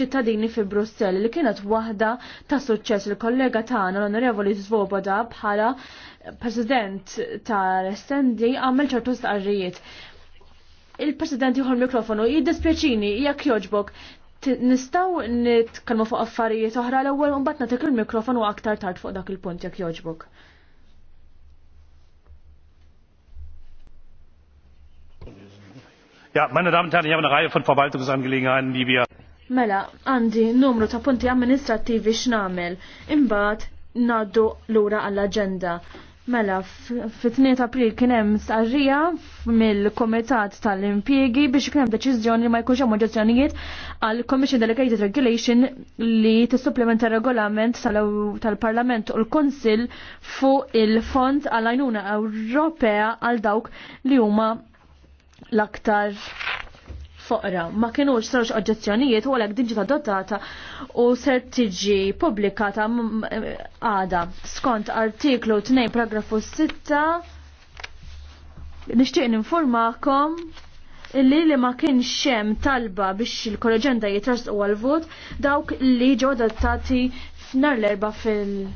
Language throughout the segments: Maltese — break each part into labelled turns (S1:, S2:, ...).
S1: ċittadini fi Brussell li kienet waħda ta' suċċess il-kollega tagħna l-Onorevoli Svoboda bħala President tal-SND għamel ċertu stqarrijiet. Il-President jieħu mikrofonu jiddispjaċini jekk joġbok nistgħu nitkellmu fuq affarijiet oħra l-ewwel u mbagħad nagħtik il-mikrofonu aktar tard fuq dak il-punt jekk joġbok. Ja, meine Damen und Herren, ich habe eine Reihe von Verwaltungsangelegenheiten, die wir Mela, għandi numru ta' punti amministrativi x'namel, imbagħad ngħaddu lura għall-aġenda. Mela, fit-2 april kien hemm sarrija mill kumitat tal-Impjiegi biex kien hemm deċiżjoni li ma jkunx hemm oġġezzjonijiet għal Commission Delegated Regulation li tissupplementa regolament tal-Parlament u l-Kunsill fuq il-Fond għall ajnuna Ewropea għal dawk li huma l-aktar foqra. Ma kienux sarux oġġezzjonijiet u għalek dinġi ta' dotata u ser tiġi publikata għada skont artiklu 2 paragrafu 6 nishtiq ninformakom li li ma kien xem talba biex il-kolleġenda jitras u għal-vot dawk li ġo adottati f'nar l-erba fil-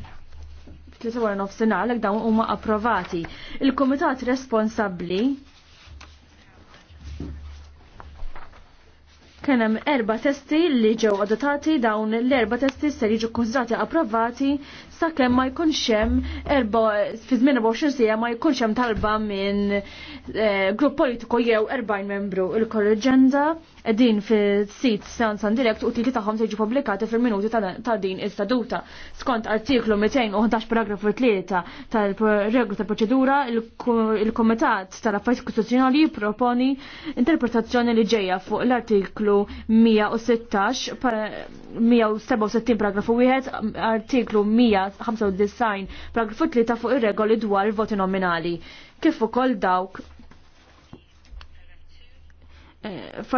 S1: 3 wara għalhekk dawn huma approvati. Il-kumitat responsabbli Kien hemm erba testi li ġew adottati dawn l-erba testi se jiġu konsidrati approvati sakemm ma jkunx hemm erba fi żmien 24 sija ma jkunx hemm talba minn eh, grupp politiku jew erbajn membru il-kolleġenda din fis sit Sansan Direct u tili tagħhom se jiġu pubblikati fil-minuti ta' din is-seduta. Skont artiklu 211 paragrafu 3 tal-reglu tal-proċedura il kumitat tal-Affarijiet Kostituzzjonali jipproponi interpretazzjoni li ġejja fuq l-artiklu artiklu 167 paragrafu 1, artiklu 195 paragrafu 3 fuq ir-regoli dwar il voti nominali. Kif ukoll dawk eh,